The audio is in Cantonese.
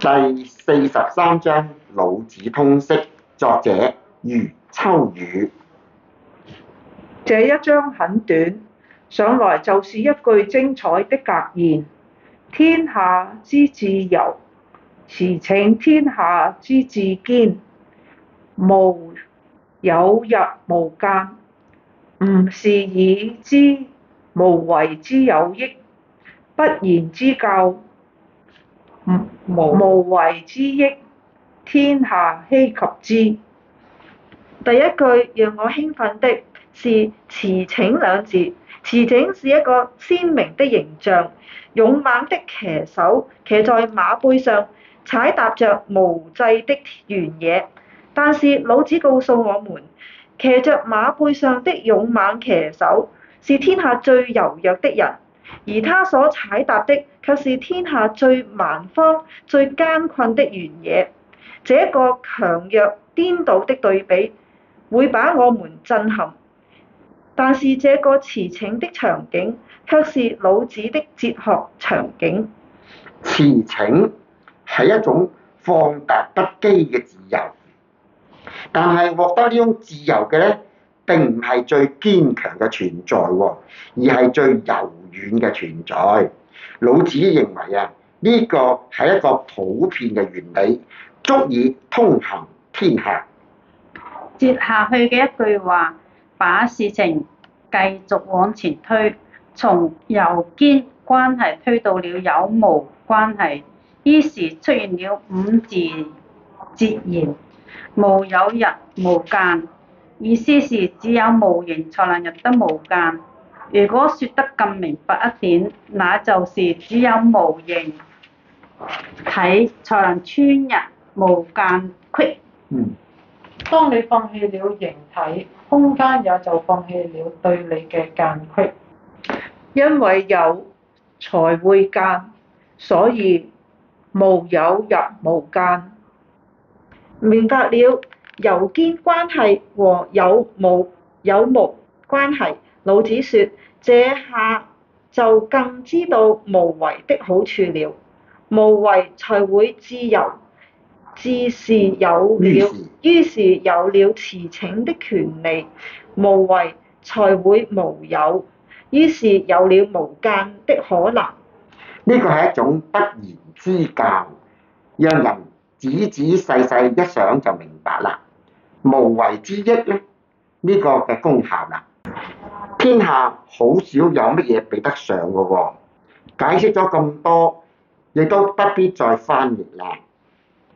第四十三章《老子通釋》，作者余秋雨。這一章很短，上來就是一句精彩的格言：天下之至柔，馳騁天下之至堅。無有入無間，吾是以知無為之有益，不言之教。無，無為之益，天下希及之。第一句讓我興奮的是“馳騁”兩字，“馳騁”是一個鮮明的形象，勇猛的騎手騎在馬背上，踩踏着無際的原野。但是老子告訴我們，騎着馬背上的勇猛騎手，是天下最柔弱的人。而他所踩踏的卻是天下最蠻荒最艱困的原野，這個強弱顛倒的對比會把我們震撼。但是這個馳騁的場景卻是老子的哲學場景。馳騁係一種放達不羈嘅自由，但係獲得呢種自由嘅呢，並唔係最堅強嘅存在喎，而係最柔遠嘅存在，老子認為啊，呢個係一個普遍嘅原理，足以通行天下。接下去嘅一句話，把事情繼續往前推，從柔堅關係推到了有無關係，於是出現了五字哲言：無有入無間，意思是只有無形才能入得無間。如果説得更明白一點，那就是只有無形體才能穿入無間隙。嗯。當你放棄了形體，空間也就放棄了對你嘅間隙。因為有才會間，所以無有入無間。明白了，有間關係和有無有無關係。老子説。這下就更知道無為的好處了。無為才會自由，自是有了，於是，是有了辭請的權利。無為才會無有，於是有了無間的可能。呢個係一種不言之教，讓人仔仔細細一想就明白啦。無為之益呢，咧、這個啊，呢個嘅功效啦。天下好少有乜嘢比得上嘅喎，哦，解釋咗咁多，亦都不必再翻譯啦。